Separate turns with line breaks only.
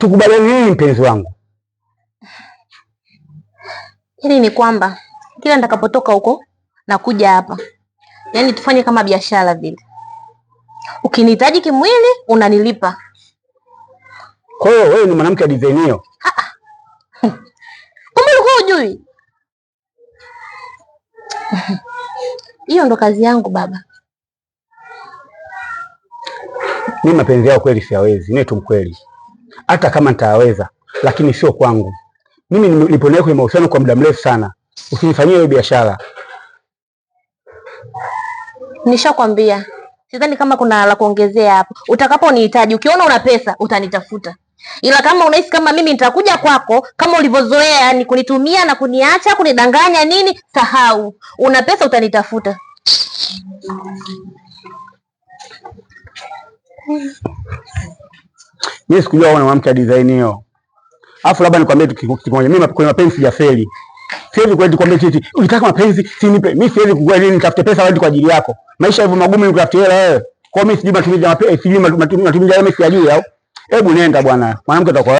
tukubaliane nini mpenzi wangu?
Yaani ni kwamba kila nitakapotoka huko na kuja hapa, yaani tufanye kama biashara vile, ukinihitaji kimwili unanilipa.
Kwa hiyo wewe ni mwanamke adivenio? hiyo?
Kumbe ulikuwa hujui hiyo? Ndo kazi yangu baba.
Mimi mapenzi yao kweli siyawezi, niwe tu mkweli hata kama nitaweza, lakini sio kwangu. Mimi nilipo naye kwenye mahusiano kwa muda mrefu sana, usinifanyie hiyo biashara.
Nishakwambia sidhani kama kuna la kuongezea hapo. Utakaponihitaji, ukiona una pesa utanitafuta, ila kama unahisi kama mimi nitakuja kwako kama ulivyozoea, ni kunitumia na kuniacha kunidanganya nini, sahau. Una pesa utanitafuta.
Mimi sikujua wana mwanamke design hiyo. Alafu labda nikwambie kitu kimoja, mimi kwenye mapenzi sijafeli. Siwezi kwenda kwambia kiti, ukitaka mapenzi si nipe. Mimi siwezi nini nitafute pesa wewe kwa ajili yako. Maisha hivyo magumu ni kutafuta hela wewe. Kwa mimi sijui matumizi ya mapenzi, sijui matumizi ya mimi sijui au. Hebu nenda bwana. Mwanamke atakwambia.